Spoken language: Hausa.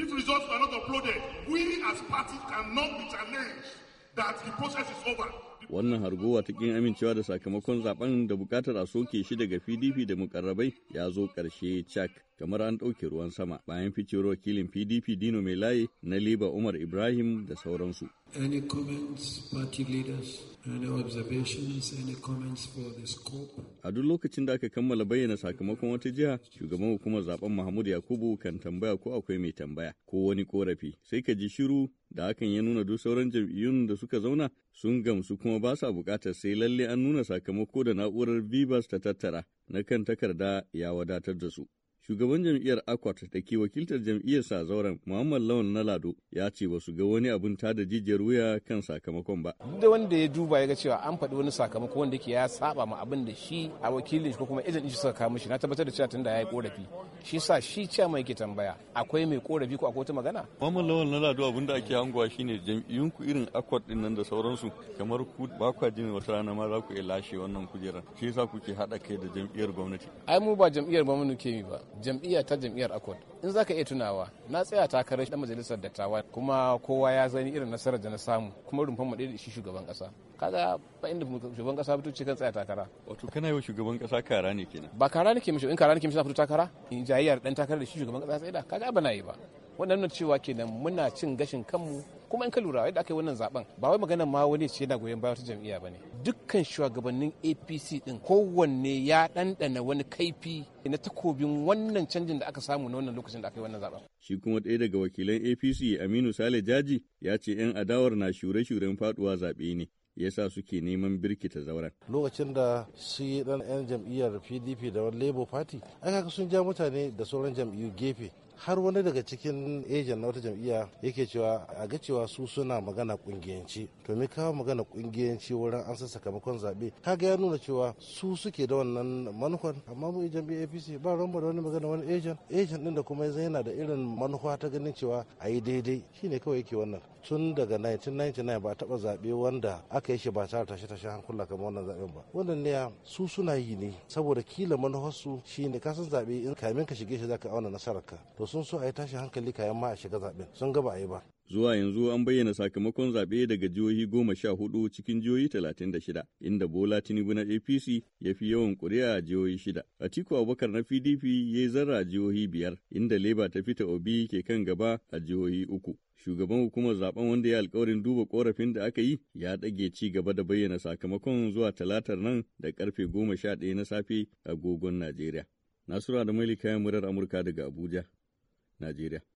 If results were not uploaded, we as party cannot be challenged that the process is over. wannan harguwa ta kin amincewa da sakamakon zaben da bukatar a soke shi daga pdp da mukarrabai ya zo ƙarshe cak kamar an ɗauke ruwan sama bayan ficewar wakilin PDP Dino Mai Layi na Liba Umar Ibrahim da sauransu. Any comments, party leaders? Any observations? Any comments for the scope? A duk lokacin da aka kammala bayyana sakamakon wata jiha, shugaban hukumar zaben Mahmud Yakubu kan tambaya ko akwai mai tambaya ko wani korafi. Sai ka ji shiru da hakan ya nuna duk sauran jam'iyyun da suka zauna sun gamsu kuma ba sa bukatar sai lalle an nuna sakamako da na'urar Vivas ta tattara na kan takarda ya wadatar da su. Shugaban jam'iyyar Akwat da ke wakiltar jam'iyyar sa zauren Muhammad Lawan na Lado ya ce ba su ga wani abin da jijiyar wuya kan sakamakon ba. Da wanda ya duba ya ga cewa an faɗi wani sakamako wanda ke ya saba ma abin da shi a wakilin ko kuma idan shi suka kawo mishi na tabbatar da cewa da ya yi korafi. Shi sa shi ce mai ke tambaya akwai mai korafi ko akwai wata magana. Muhammad Lawan na Lado abin da ake hangowa shine ku irin Akwat din nan da sauransu kamar ku ba kwa jin wata rana ma za ku iya lashe wannan kujerar. Shi yasa kuke haɗa kai da jam'iyyar gwamnati. Ai mu ba jam'iyyar gwamnati ke yi ba. jam'iyya ta jam'iyyar akwad in zaka iya tunawa na tsaya takarar dan majalisar dattawa kuma kowa ya zani irin nasarar da na samu kuma rumfan mu da shi shugaban kasa kaga ba inda shugaban kasa fito ce kan tsaya takara wato kana yau shugaban kasa kara ne kenan ba kara ne ke mishi in kara ne ke mishi fito takara in jayyar dan takarar da shi shugaban kasa da kaga ba na yi ba wannan nuna cewa kenan muna cin gashin kanmu kuma in ka lura yadda aka yi wannan zaben ba wai magana ma wani ce yana goyon bayan wata jam'iyya ba ne dukkan shugabannin apc din kowanne ya ɗanɗana wani kaifi na takobin wannan canjin da aka samu na wannan lokacin da aka yi wannan zaben. shi kuma ɗaya daga wakilan apc aminu sale jaji ya ce 'yan adawar na shure-shuren faduwa zaɓe ne yasa suke neman birkita zauren. Lokacin da shi dan 'yan jam'iyyar PDP da wani Labour Party, aka sun ja mutane da sauran jam'iyyu gefe har wani daga cikin ejen na wata jam'iyya yake cewa a ga cewa su suna magana kungiyanci to me kawo magana kungiyanci wurin an san sakamakon zaɓe kaga ya nuna cewa su suke da wannan manufan amma mu jam'iyyar APC ba ranmu da wani magana wani ejen ejen din da kuma yana da irin manufa ta ganin cewa a yi daidai shine kawai yake wannan tun daga 1999 ba a taba zabe wanda aka yi shi ba tare tashe tashe hankula kamar wannan zaben ba wannan ne su suna yi ne saboda kila manufarsu shine kasan zaɓe in kamin ka shige shi zaka auna nasararka to sun so a yi tashin hankali kayan ma a shiga zaɓen sun gaba ba a yi ba. Zuwa yanzu an bayyana sakamakon zaɓe daga jihohi goma sha hudu cikin jihohi talatin da shida, inda Bola Tinubu na APC ya fi yawan ƙuri'a a jihohi shida. Atiku Abubakar na PDP ya yi zarra a jihohi biyar, inda Leba ta fita Obi ke kan gaba a jihohi uku. Shugaban hukumar zaben wanda ya alkawarin duba korafin da aka yi ya ɗage ci gaba da bayyana sakamakon zuwa talatar nan da karfe goma sha ɗaya na safe a agogon Najeriya. Nasura da Maili kayan murar Amurka daga Abuja. Najeriya.